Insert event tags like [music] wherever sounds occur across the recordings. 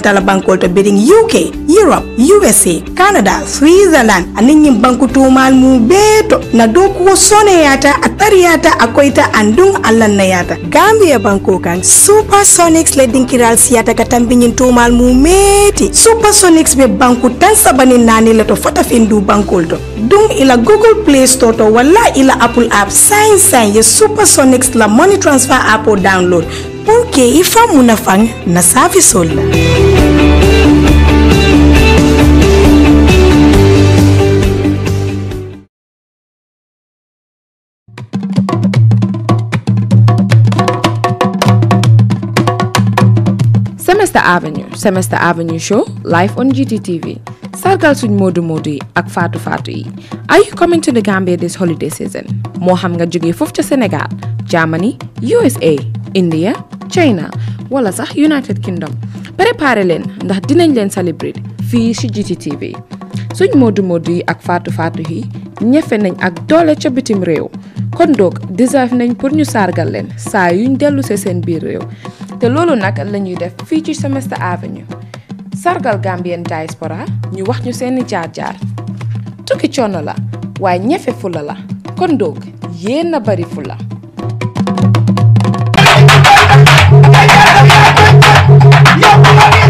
tala bankol to birin UK, Europe, USA, Canada, Switzerland, anin yin banku tumal mu beto na dokugo sone yata a tariyata a koita andun na yata. Gambia banko kan Supersonics ledin kiral siyata ka tambin tumal mu meti. Supersonics be banku tan sabani nani lato fata findu bankolto. Dung ila Google Play Store to wala ila Apple App sign sign ye Supersonics la money transfer app o download. porque ifamuna fang nasavi sola. Avenue Semester Avenue show live on GTTV sargal suñ moodu moodu yi ak faatu faatu yi are you coming to the Gambia this holiday season moo xam nga jógee foofu ca Sénégal Germany USA India China wala sax United Kingdom préparé leen ndax dinañ leen celebrate fii ci GTTV suñ moodu moodu yi ak faatu faatu yi ñefe nañ ak doole ca bitim réew kon donc deserve nañ pour ñu sargal leen saa yuñ dellu see seen biir réew te loolu nag lañuy def fii ci Semester Avenue sargal Gambien diaspora ñu wax ñu seeni jaar-jaar tukki coono la waaye ñefe fula la kon doog yéen bari fula la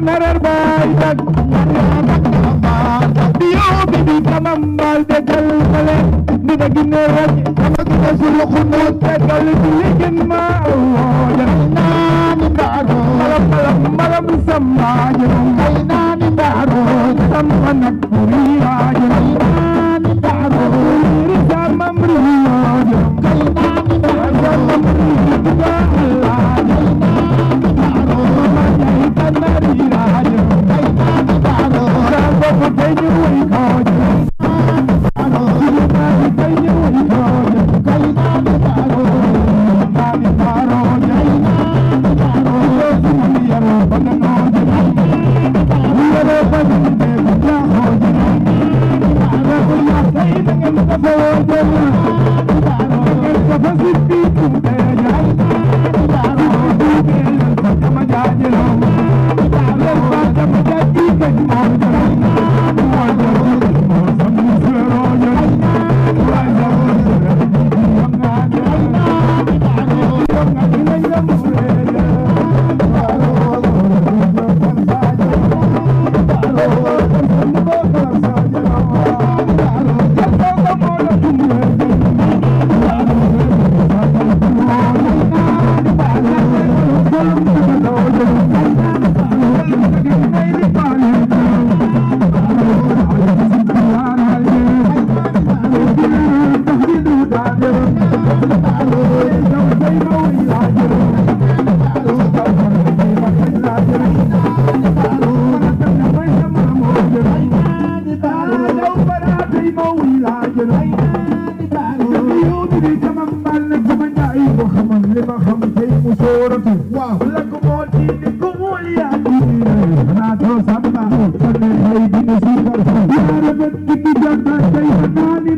narar baydak Diyo bibi tamam balde kalbale Dina gine raje Kama gine sulu kunote kalbile genma Awoyan Kainani baro Malam malam malam sammayo Kainani baro Sammanak buriya Kainani baro Risa mamriyo Kainani baro Sammanak buriya Allah आठों सब मानो पढ़ने भाई भी नसीब कर यार बच्ची की जगह कहीं हटा नहीं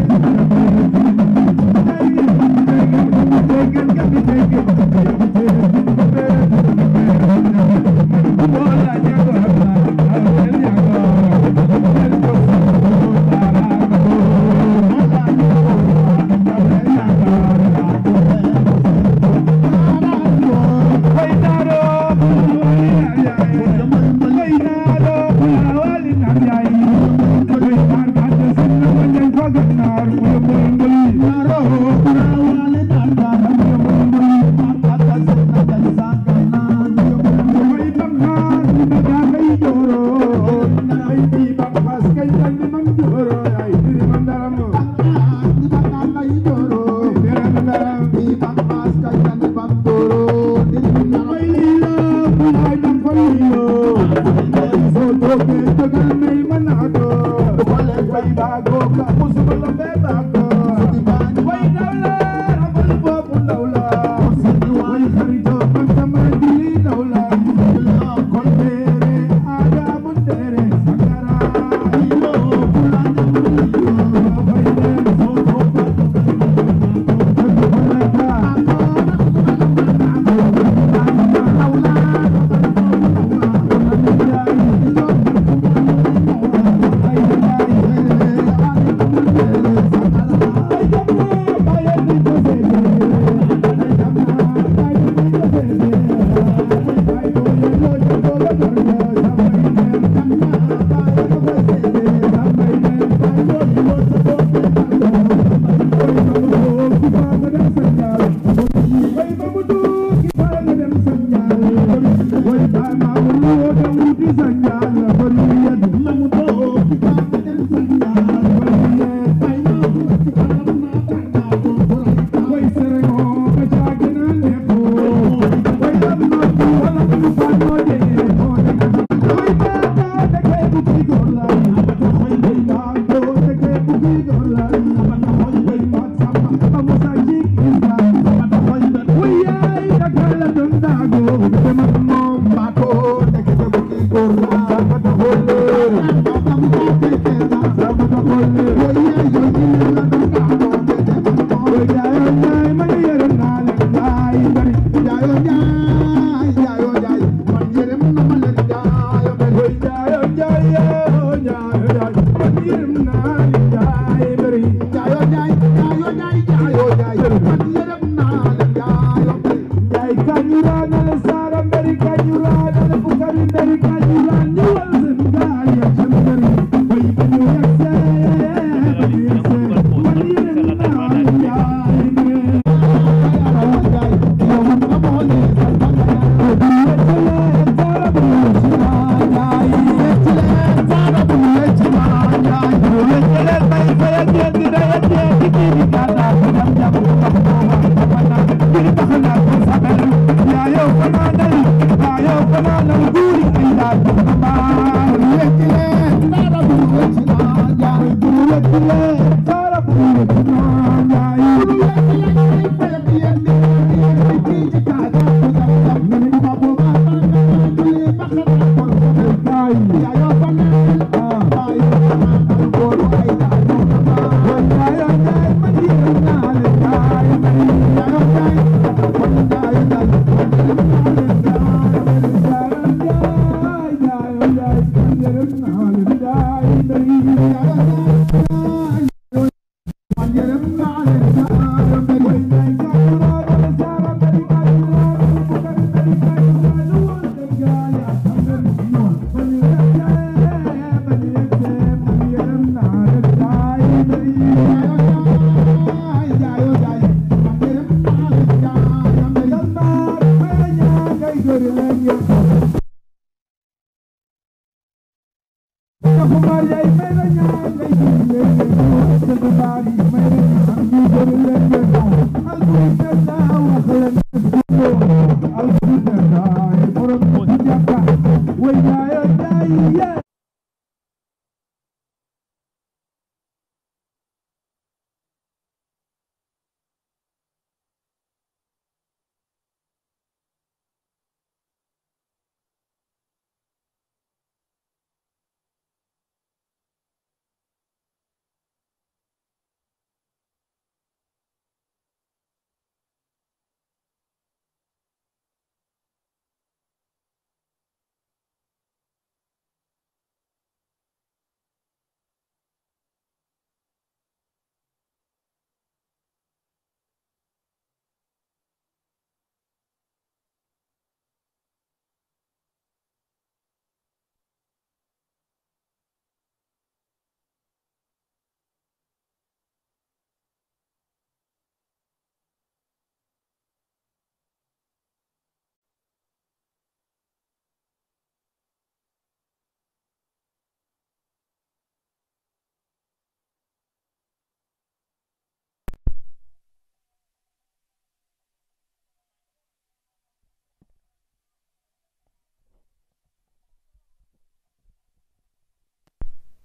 Thank you.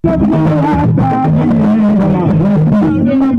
مونکي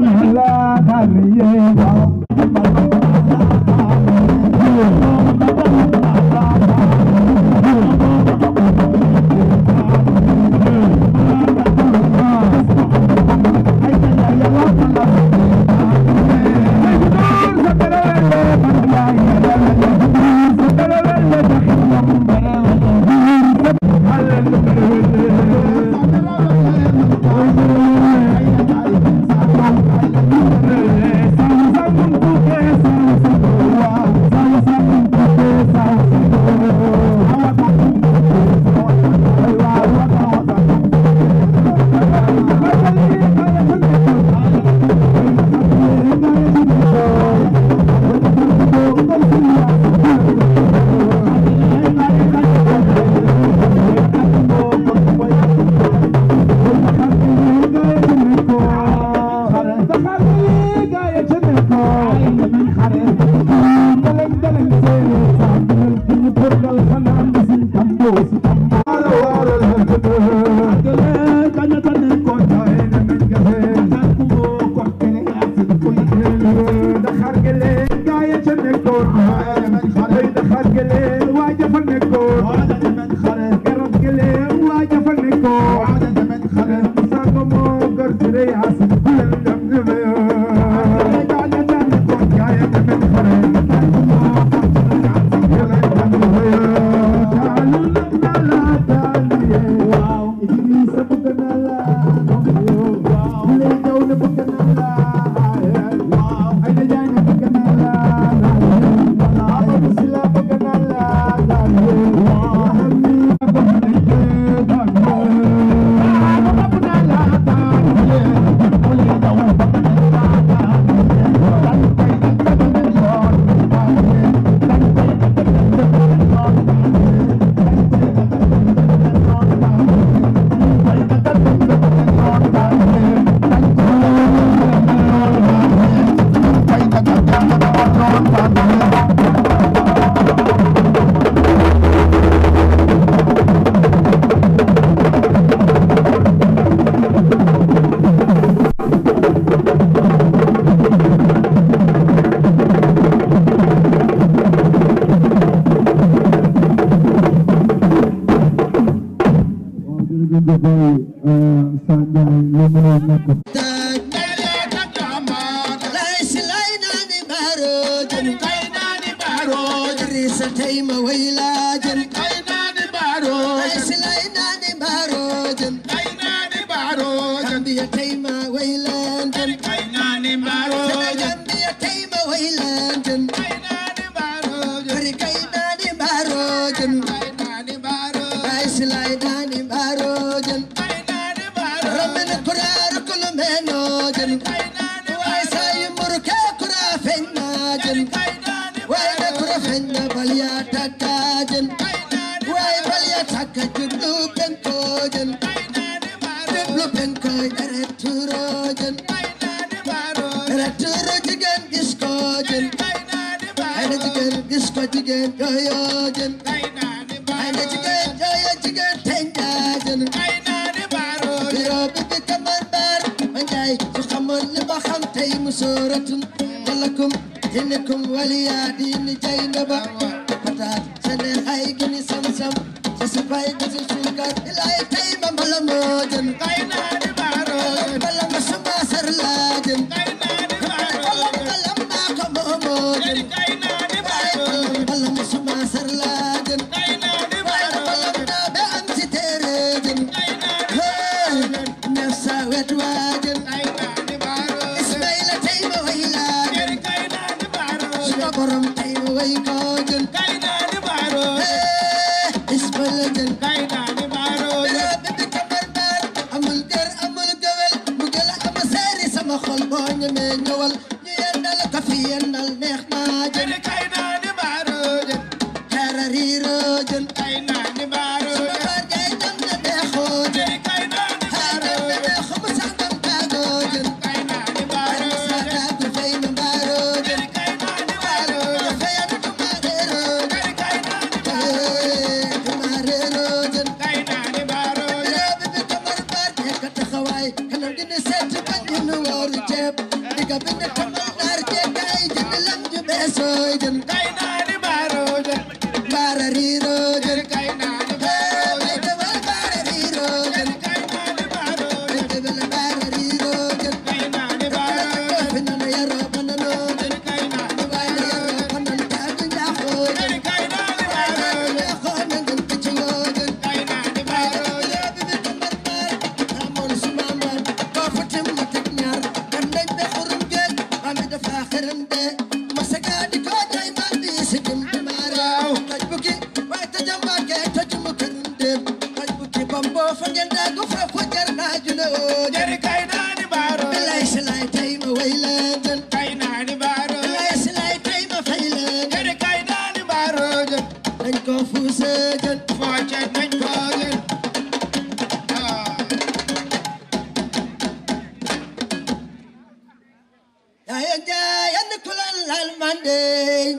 ayo jaay and kulal al mande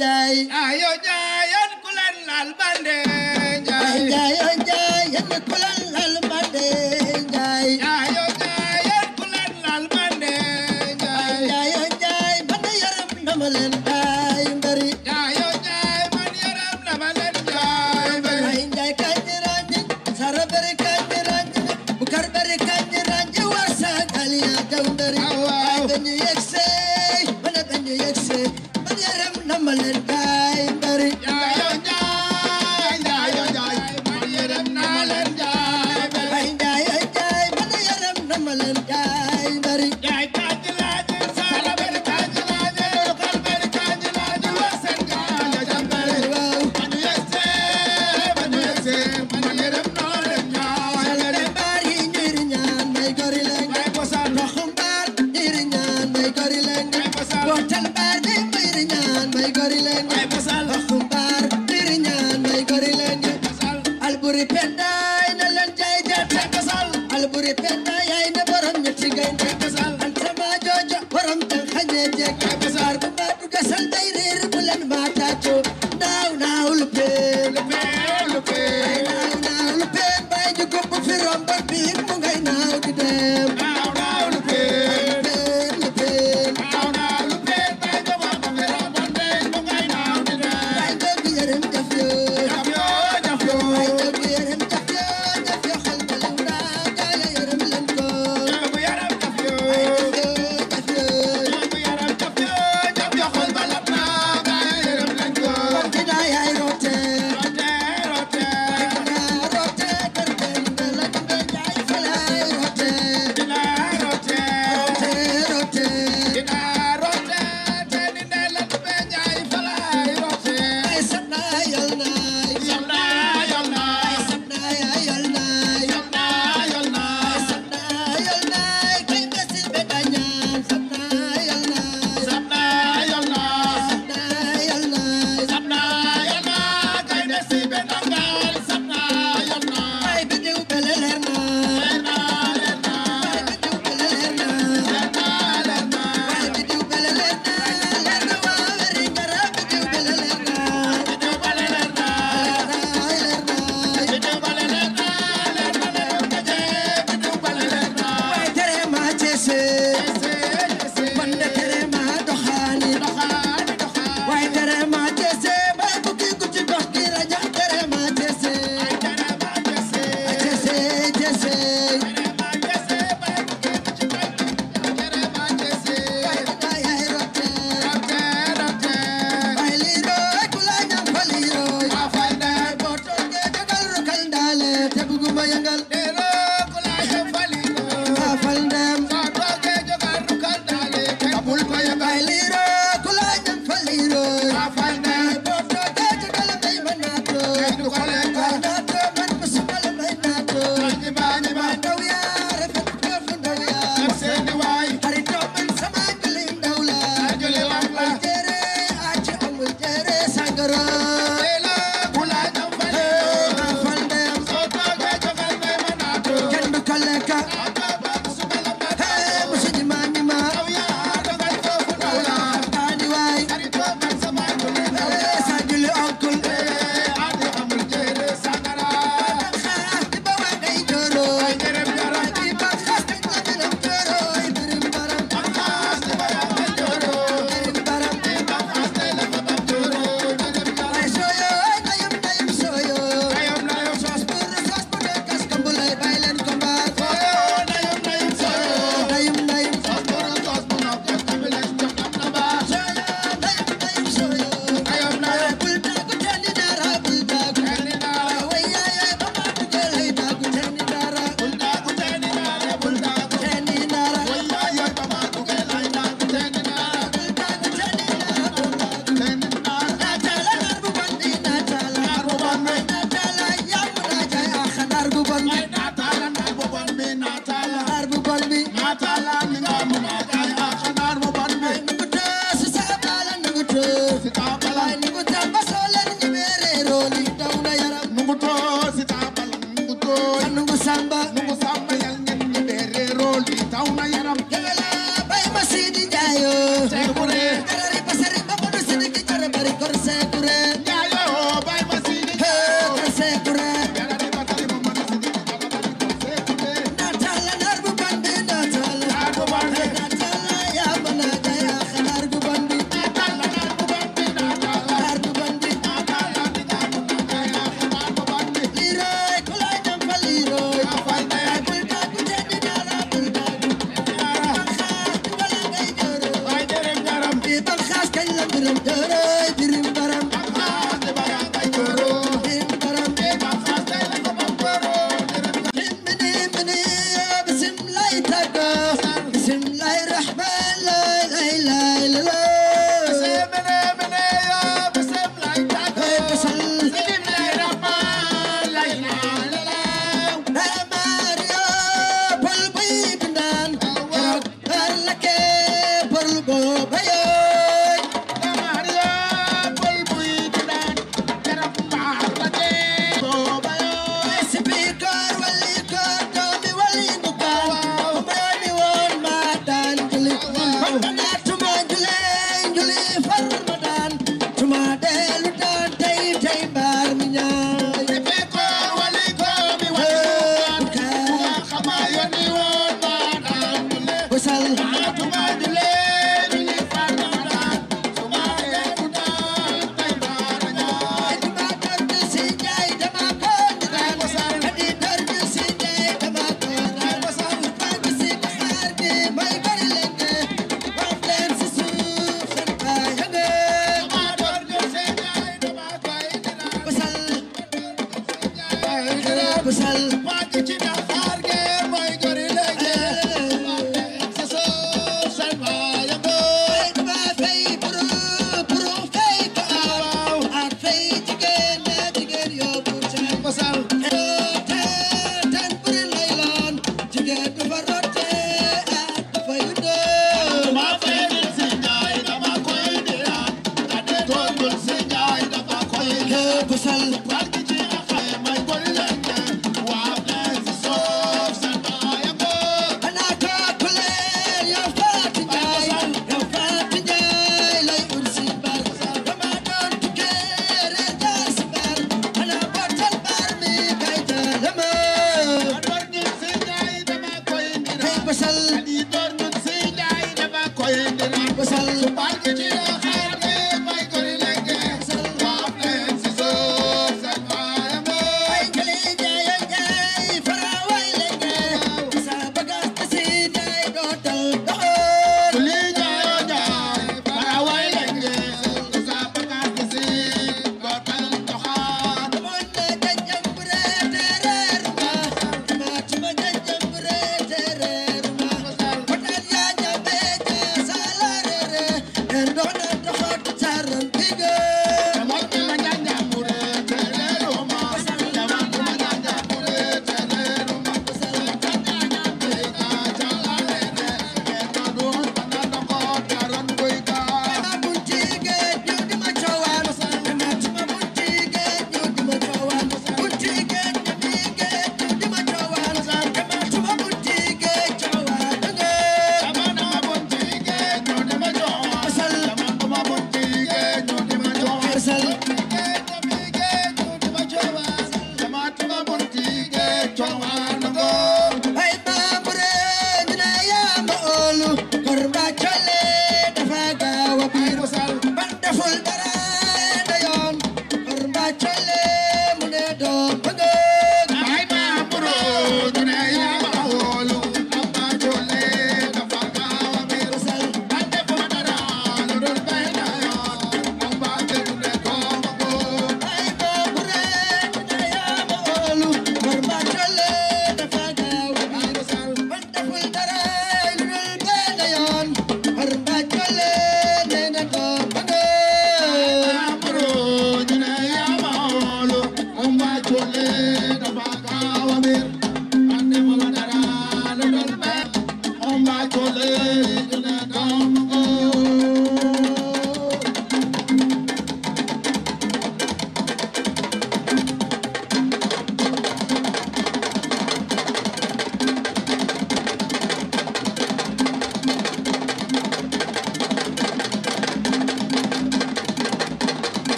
jaay ayo jaay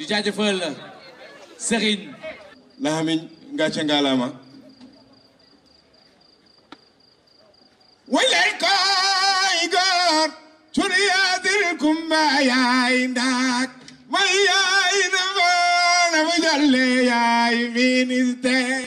di jaajëfal Serigne Lahamin ngàcce ngalaama waleen koy góor cuniyaatir kumba yaay ndaak may yaay na moona bu jolle yaay ministère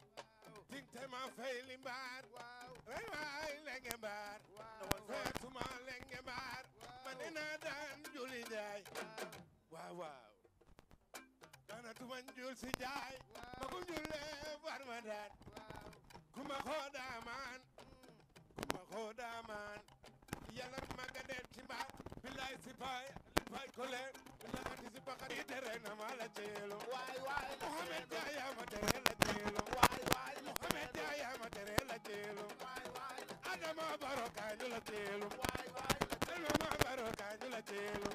te ma fay li mbaar. waaw way waay lenge mbaar. waaw feetuma lenge mbaar. ma dina daan juli jaay. waaw waaw. dana tuma jul si jaay. ma ko julee war ma daan. kuma koo daamaan. kuma koo daamaan. yàlla ma gadee ci mbaar. bilaay si paay li paay ko leen. bilaay si bakari tere na ma la ceelo. waay waay la ma tere la ceelo. Mohamed Yaya ma tere la teelu Adama Baro kañu la teelu Adama Baro kañu la teelu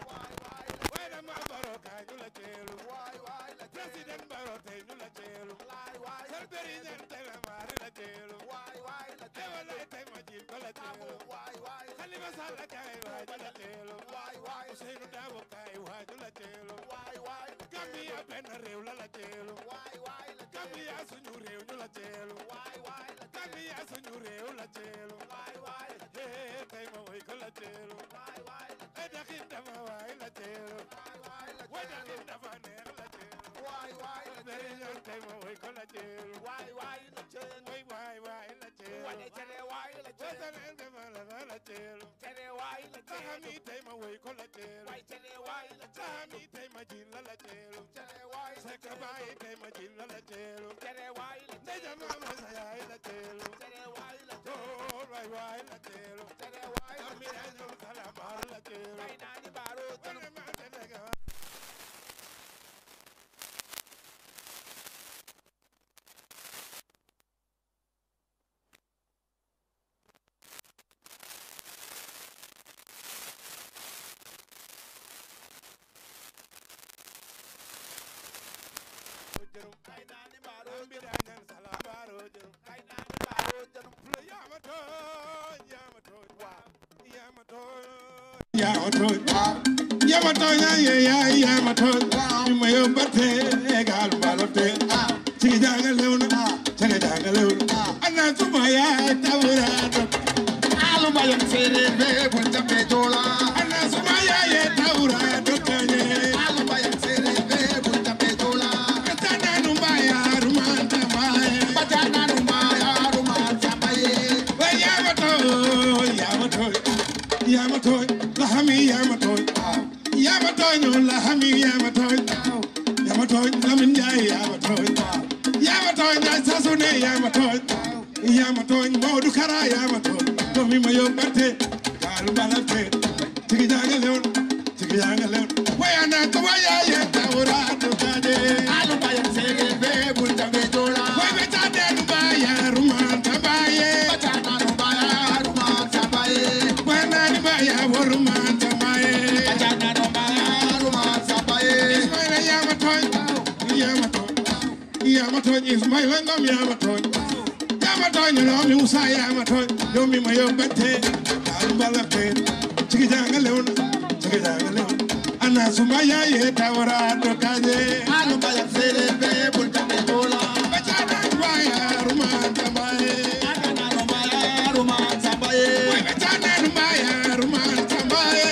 may dem waa Baro kaay ñu la ceelu. waay waay la ceelu président Baro tey ñu la ceelu. waay waay la ceelu seen président tey ma maari la ceelu. waay waay la ceelu teewal lay tey ma jiit ko la ceelu. waay waay Xalifa Sall kaay waa ñu la ceelu. waay waay Ousseynou Dabo kaay waa ñu la ceelu. waay waay Gambia benn réew la la ceelu. waay waay la ceelu Gambia suñu réew ñu la ceelu. waay waay la ceelu Gambia suñu réew la ceelu. waay waay la ceelu tey ma woy ko la ceelu. waay waay way daxin dafa waay la teeru way daxin dafa neex la waay waay la ceen tey ma way ko la ceen waay waay la ceen way waay waay la ceen waay cene waay la ceen wasane de ma la la ceen cene waay la ceen tahami tey ma way ko la ceen waay cene waay la ceen tahami tey ma jil la la ceen cene waay seka baay tey ma jil la la ceen cene waay la ceen jama ma sa yaay la ceen cene waay la ceen waay waay la ceen cene waay mi ra no kala mar la ceen waay nani baro tan Alumba yang sere bebo na sumaya ye tawra to kaje alu baya sere be bulta be bola bachana kwaya ruma tambaye agana ruma ya ruma tambaye bachana ruma ya ruma tambaye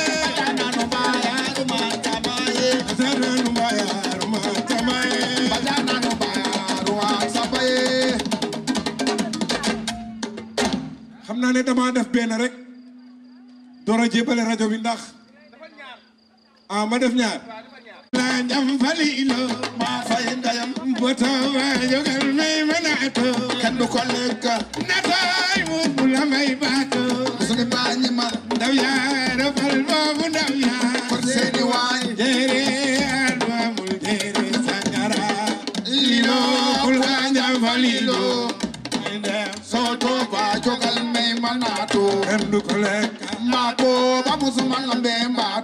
agana ruma ya ruma tambaye bachana ruma ya ruma tambaye bachana ruma ya ruma tambaye xamna ne dama def ben rek dora jebale radio bi ndax ah ma def ñaar la jam fali ilo ma fay ndayam boto wa jogal may manato kan du ko lekk nataay mu bu la may baato su ne bañ ma ndaw yaa rafal boobu ndaw yaa kon seeni waay jere alwamul jere sangara ilo kul la jam fali ilo soto ba jogal may manato kan du ko lekk ma ko ba musuma lambe mbaato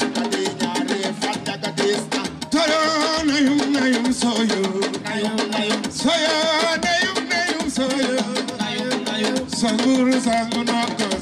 Sangur sangur nakas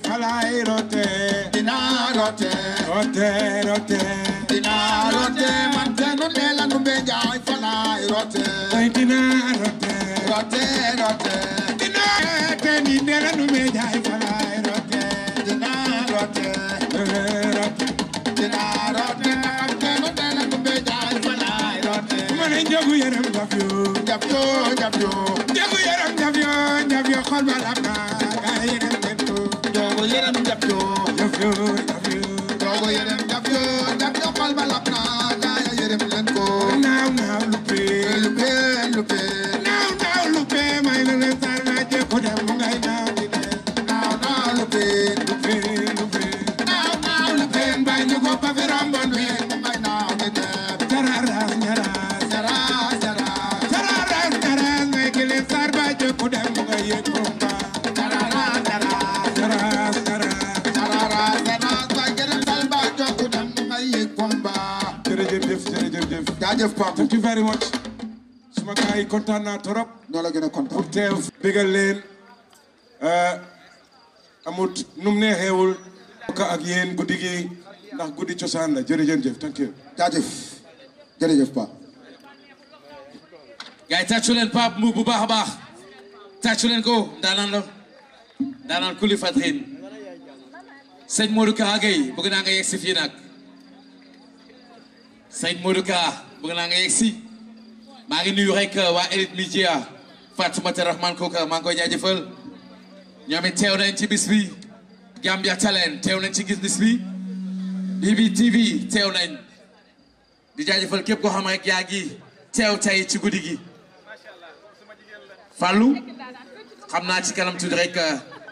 falay falay rote dina rote rote rote dina rote man tanu ne la nu be jaay falay rote dina rote rote rote dina rote ni ne la nu be jaay falay rote dina rote rote dina rote man tanu ne la nu be jaay falay rote man njogu yaram jafyo jafyo jafyo njogu yaram jafyo jafyo xol ba la ka Yeah. jërëjëf jaajëf Pape. thank you very much. suma gars yi kontaan naa a kontaan pour teew. bégal leen euh, amut nu mu neexeewul. ak yéen guddi gi ndax guddi cosaan la jërëjëf thank you. jaajëf jërëjëf Pape. gars yi tàccu bu baax a baax. tàccu ko daanaan la daanaan kuli Fathin. sëñ Modou naa nga yegg si Saïd Modoka bëgg naa nga yegg si maa ngi nuyu rek waa Elite Media Fatoumata Rahman Koka maa ngi koy jaajëfal ñoom it teew nañ ci bis bi Gambia Talent teew nañ ci gis bis bi BBTV teew nañ di jaajëfal képp koo xam rek yaa ngi teew tey ci guddi gi Fallou xam naa ci kanam tuuti rek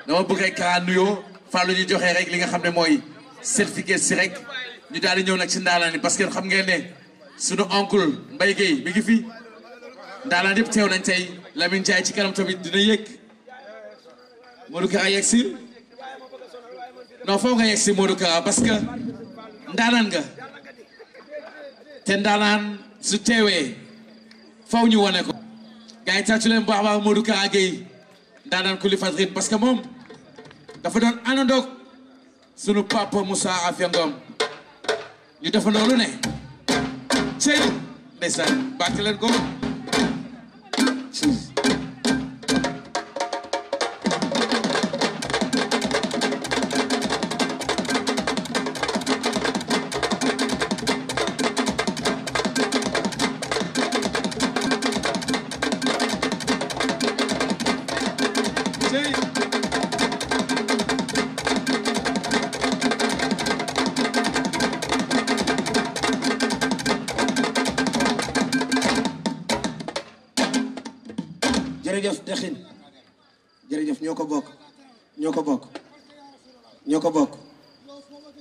dama bëgg rek kaa nuyoo Fallou ñu joxe rek li nga xam ne mooy certificat si ñu daal di nag ci ndaanaan yi parce que xam ngeen ne suñu oncle Mbaye Guèye mi ngi fi ndaanaan yëpp teew nañ tey Lamine Ndiaye ci kanam tamit dina yëg Modou Kara yegg si non nga yegg si Modou Kara parce que ndaanaan nga te ndaanaan su teewee faw ñu wane ko gars yi leen baax baax Modou Kara Guèye ndaanaan ku li fat parce que moom dafa doon àndandoog sunu papa Moussa Afia Ngom ñu def loolu ne Seydou ndeysaan bàkk leen ko jërëjëf dexin jërëjëf ñoo ko bokk ñoo ko bokk ñoo ko bokk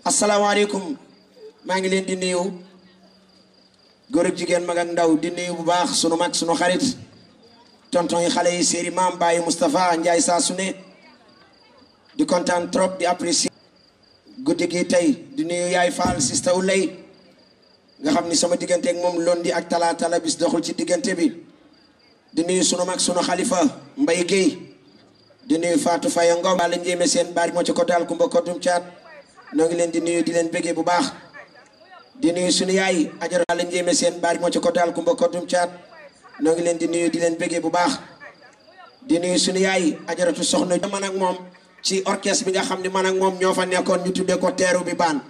asalaamaaleykum maa ngi leen di nuyu góor ak jigéen mag ndaw di nuyu bu baax sunu mag sunu xarit tonton yi xale yi séeri maam Baye Moustapha Ndiaye saa su ne di kontaan trop di apprécier guddi gi tey di nuyu yaay Fall sista Ulay nga xam ni sama diggante ak moom londi ak talaata la bis doxul ci diggante bi di nuyu sunu mag sunu xalifa mbay Guèye di nuyu Fatou Faye Ngom wala njéeme seen baar moo ci côté Alkumba Kotum Caat noo ngi leen di nuyu di leen bëggee bu baax di nuyu sunu yaay ajara wala njéeme seen baar moo ci côté Alkumba Kotum Caat noo ngi leen di nuyu di leen bëggee bu baax di nuyu sunu yaay ajaratu soxna man ak moom ci orchestre bi nga xam ne man ak moom ñoo fa nekkoon ñu tuddee ko teeru bi baan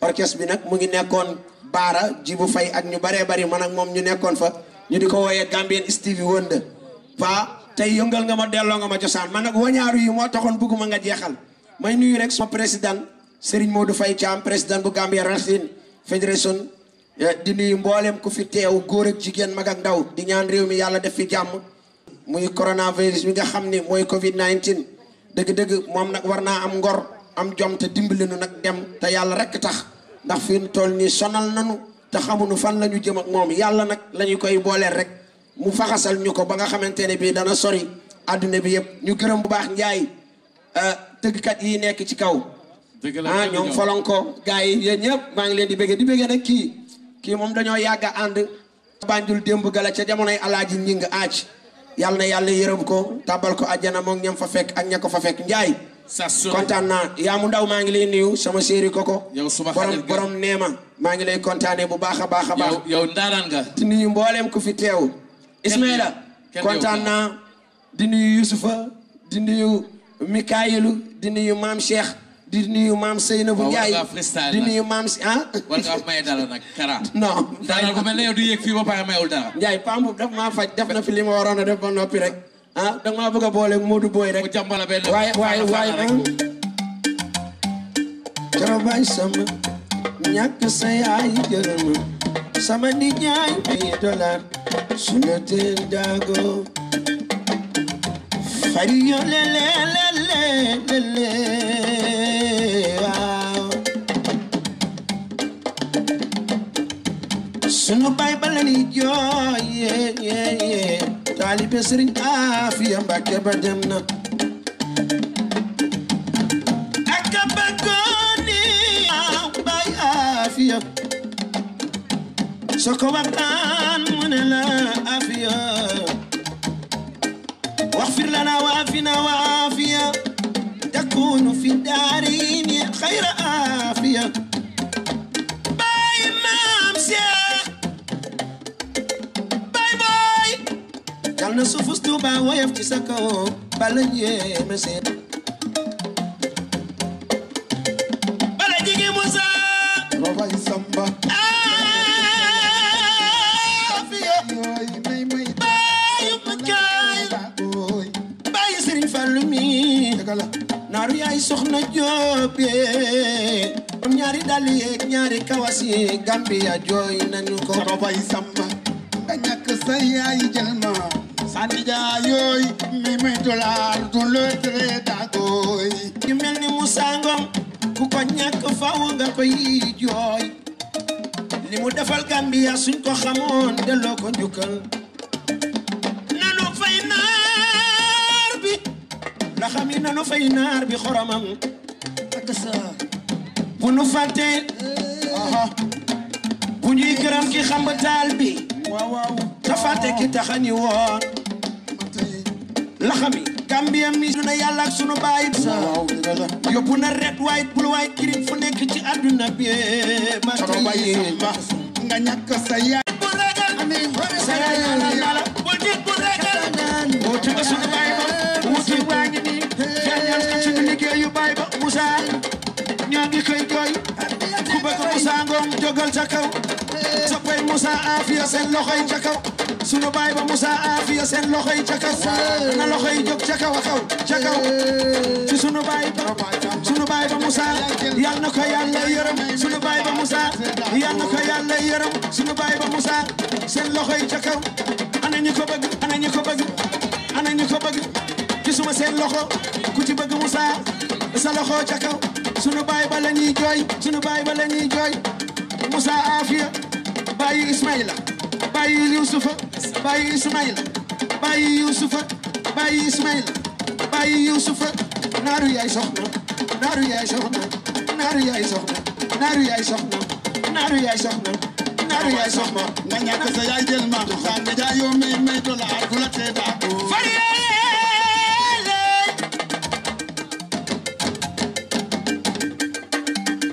orchestre bi nag mu ngi nekkoon baara jibu fay ak ñu baree bari man ak moom ñu nekkoon fa ñu diko woyé gambien stevie wonder fa tay yëngal nga ma delloo nga ma cosaan man nag wañaaru yi moo taxoon bugguma nga jeexal may nuyu rek sama président serigne modou fay cham président bu gambia racine federation ya, di nuyu mbollem ku fi teew goor ak jigen mag ak ndaw di ñaan réew mi def fi jamm muy coronavirus mi nga xamni moy covid 19 deug deug mom nak warna am ngor am jom te nu nak dem te yalla rek tax ndax fi toll ni sonal nanu te xamuñu fan la ñu jëm ak moom yàlla nag la ñu koy booleel rek mu faxasal ñu ko ba nga xamante ne bii dana sori àdduna bi yëpp ñu gërëm bu baax njaay euh, tëggkat yi nekk ci kaw. dëgg la ah ñoom folonko gars yi yéen ñëpp maa ngi leen di bëggee di bëggee nag kii kii moom dañoo yàgg ànd. Banjul démb gala ca jamonoy alaaji ñi nga aaj yàlla na yàlla yërëm ko tabal ko àjjana moom ñam fa fekk ak ña ko fa fekk njaay. sassu kontaan naa yaa mu ndaw maa ngi lay nuyu sama chéri koko. yow suma borom borom neema. maa ngi lay kontaane bu baax a baax a yow yow ndaanaan nga. di nuyu mboolem ku fi teew. Ismaila kontaan naa di nuyu Yusufa di nuyu Mikayilu di nuyu maam Cheikh di nuyu maam Seynabou Ndiaye di nuyu maam si ah. war ngaa maye dara nag kara. [laughs] non daanaka bu mel ne yow du yëg fii ba pare mayul dara. Ndiaye paa daf maa faj def na fi li ma waroon a def noppi rek. ah da bëgg boole Modou Boy rek. waaye waaye waaye ah. sama ñàkk sa yaay jërëm sama nijaay paye dollar suna teel daago. fariyo lele lele waaw. sunu bay bala ni jooy yee taalibe sëriñ Afia Mbàkke ba dem na ak a bëggoon ni bay Afia soo ko waxtaan mu ne la Afia واغفر لنا وعافنا وعافية تكون في الدارين خير آفية yal na suufus Tuuba woyof ci sa kaw bala ñeeme seen bala jigi Musa robay samba ah, naaru yaay soxna Jóob yee ñaari dàll yeeg ñaari kawas yi Gambia jooy nañu ko robay samba nga ñàkk sa yaay jël ma xadija yooyu mi muy dollar du lotre li mu defal Gambia bi la xam yi nanu fay naar bi xoromam ak sa bu nu fàttee bu ñuy gërëm ki xam ba taal bi ki taxani woon laxami Gambia mi duna yàlla ak sunu baay yóbbu na red white blue white green fu nekk ci àdduna bi ma nga ñàkk sa yaay Musa Ngom jogal ca kaw soppay Musa Afia seen loxoy ca kaw suma baay ba Moussa Afia seen loxo yi ca na loxo yi jóg ca a ci sunu baay ba sunu baay na ko yàlla yërëm sunu sunu baay ba Moussa seen loxo yi ca ana ñi ko bëgg ana ci suma seen loxo ku ci bëgg Moussa sa loxo ca sunu baay ba la ñuy jooy sunu baay ba la ñuy jooy Moussa Afia baayu Ismaïla bàyyi Yuusufa bàyyi Ismaïl bàyyi Yuusufa bàyyi Ismaïl bàyyi Yuusufa naaru yaay soxna naaru yaay soxna naaru yaay soxna naaru yaay soxna naaru yaay soxna naaru yaay soxna nga ñàkk sa yaay jël ma xam nga jaay yow may may dollar bu la tee baaxoo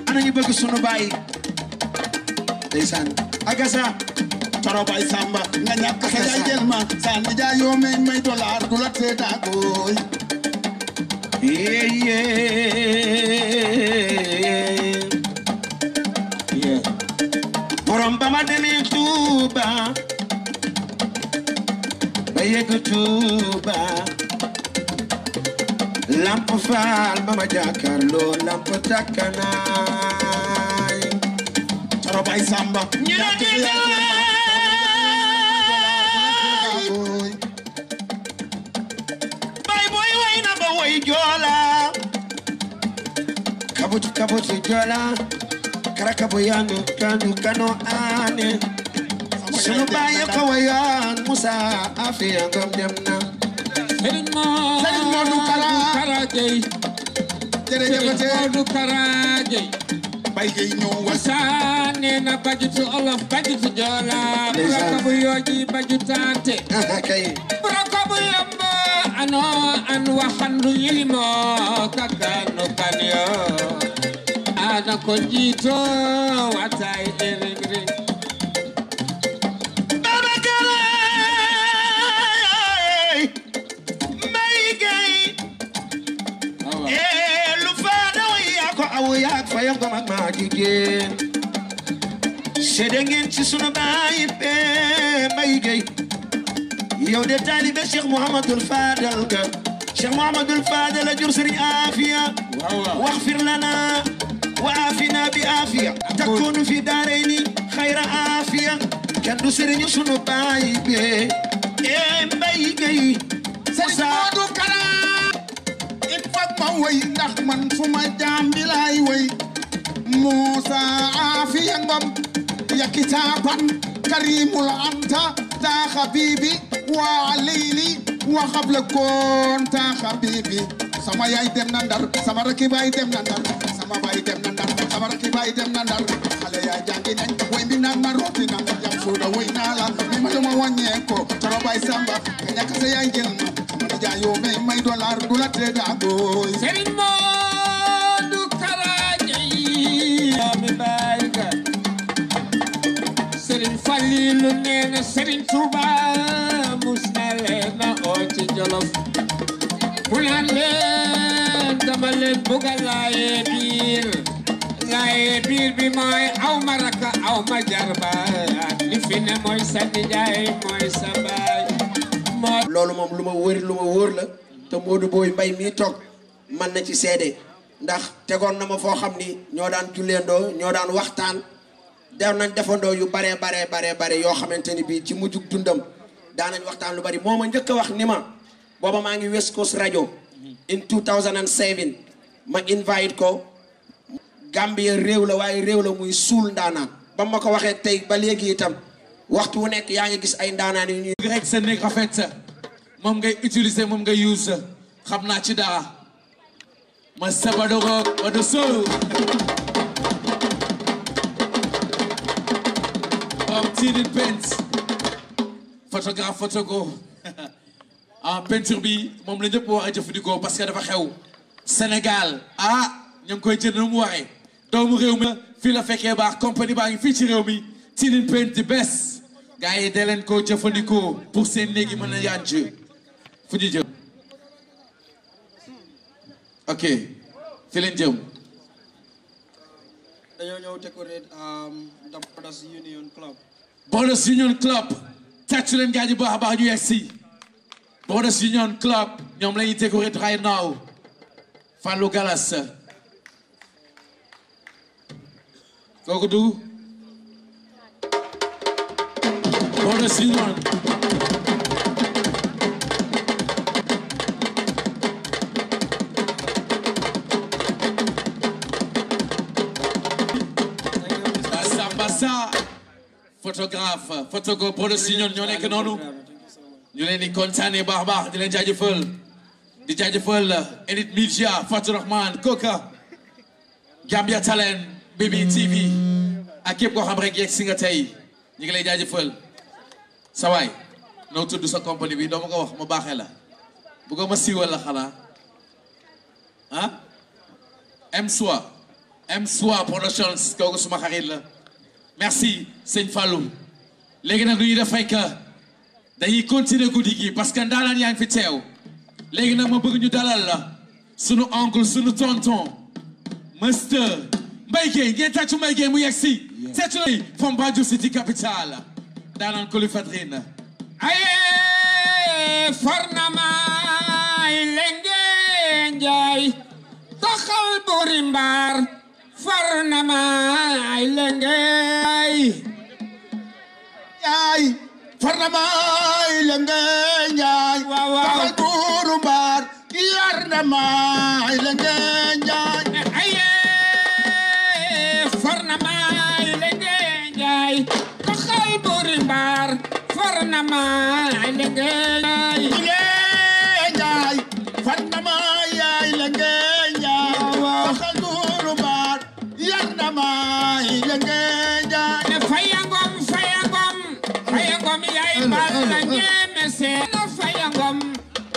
ana ñu bëgg sunu baay ndeysaan agasa baro bay samba nga ñàkk sa yaay jël ma sa nijaay yoo may may dollar du borom ba ma demee Tuuba ba lamp faal ba ma jàkkaarloo lamp takkanaay baro bay samba ñaa kabuci kabuci jola kara kabu yanu kanu kano ane sunu baye kawayan musa afiya ngam dem na Serigne Modou Kara Gueye jërëjëf Modou Kara Gueye bay gey ñëw wasaane na bajutu olof bajutu jola bura kabu yooji bajutante kay bura kabu yamba ano an waxandu yilimo kakanu kanyo بعد كل جيتو وعتاي إرقري بابا كراي ما يجي إيه لفانا وياك وياك فيقوم ما جيجي شدنجين تسونا باي ما يجي يودي تاني بشيخ محمد الفاضل شيخ محمد الفاضل أجر سري آفية واغفر لنا وعافنا بعافية تكون في دارين خير عافية كان سرين سنو باي بي ايه مباي جاي سيدو كرام اتفق ما وي ndax man fuma jaam bi lay way Musa Afiya Ngom ya kitaban karimul anta ta habibi wa alayli waxab la kontaan xabibi sama yaay dem na ndar sama rakki baay dem na ndar sama baay dem na ndar sama rakki baay dem na ndar xale yaa jàngi nañ way mi naan ma rooti yam suuda way naa la mi ma dama wàññee ko samba ka ñàkk sa yaay ma di jaayoo may may dollar du la tee daa booy Serigne Modou Karaji mi baay ga Serigne Fallilou nee na a laayee biir loolu moom lu ma wër lu wóor la te Modou Boy mbay mii toog man na ci seede ndax tegoon na ma foo xam ni ñoo daan julleendoo ñoo daan waxtaan def nañ defandoo yu baree baree baree bare yoo xamante ni bii ci mujjug dundam daanañ waxtaan lu bari moo ma njëkk a wax ni ma booba maa ngi West Coast radio in 2007 ma invite ko Gambia réew la waaye réew la muy suul ndaanaan ba ma ko waxee tey ba léegi itam waxtu wu nekk yaa ngi gis ay ndaanaan yu ñuy rek sa nekk rafet moom ngay utiliser moom ngay use xam naa ci dara ma sabadogoog ba du sóoru om tidit pent photographe photogo [laughs] ah peinture bi moom la ñëpp war a jëfandikoo parce que dafa xew Sénégal ah ñu ngi koy jënd mu waxee doomu réew mi fii la fekkee baax compagnie baa ngi fii ci réew mi Tilline Paint di bees gars yi de leen koo jëfandikoo pour seen léegi yi mën a yànj fu ñu jëm ok fi leen jëm dañoo ñëw um, Union Club Brothers leen gars yi baax baax ñu yegg si Borders Union Club, nous sommes intégrés right now. Fallo Galas. Kokoudou. Borders Union. Bassa, Bassa, photographe, photographe, Borders Union, nous sommes que nous. ñu leen di kontaane baax a baax di leen jaajëfal di jaajëfal Edith eh, Media Fatou Rahman Koka Gambia Talent Baby TV ak képp ko xam rek yegg si nga tey ñu ngi lay jaajëfal saway waay noo tudd sa compagnie bi doo ko wax ma baaxee la bu ko ma siiwal la xanaa ah M-Soi M-Soi Productions kooku suma xarit la merci sëñ Fallou léegi nag du ñu def dañuy continuer guddi gi parce que ndaalaan yaa ngi fi teew léegi nag ma bëgg ñu dalal la sunu oncle sunu tonton Mr Mbaye Gueye ngeen tàccu Mbaye Gueye mu yegg si tàccu lay from Banjul City Capital daanaan kolu fadrina aye farnamaay lengeen jaay taxal buri mbaar farnamaay lengeen jaay farnamaay la ngay njaay taxal buuru mbaar maay la ngay njaay aye farnamaay la ngay njaay taxal buuru mbaar farnamaay la ce na fayangam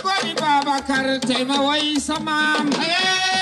gori babakar taimawai sama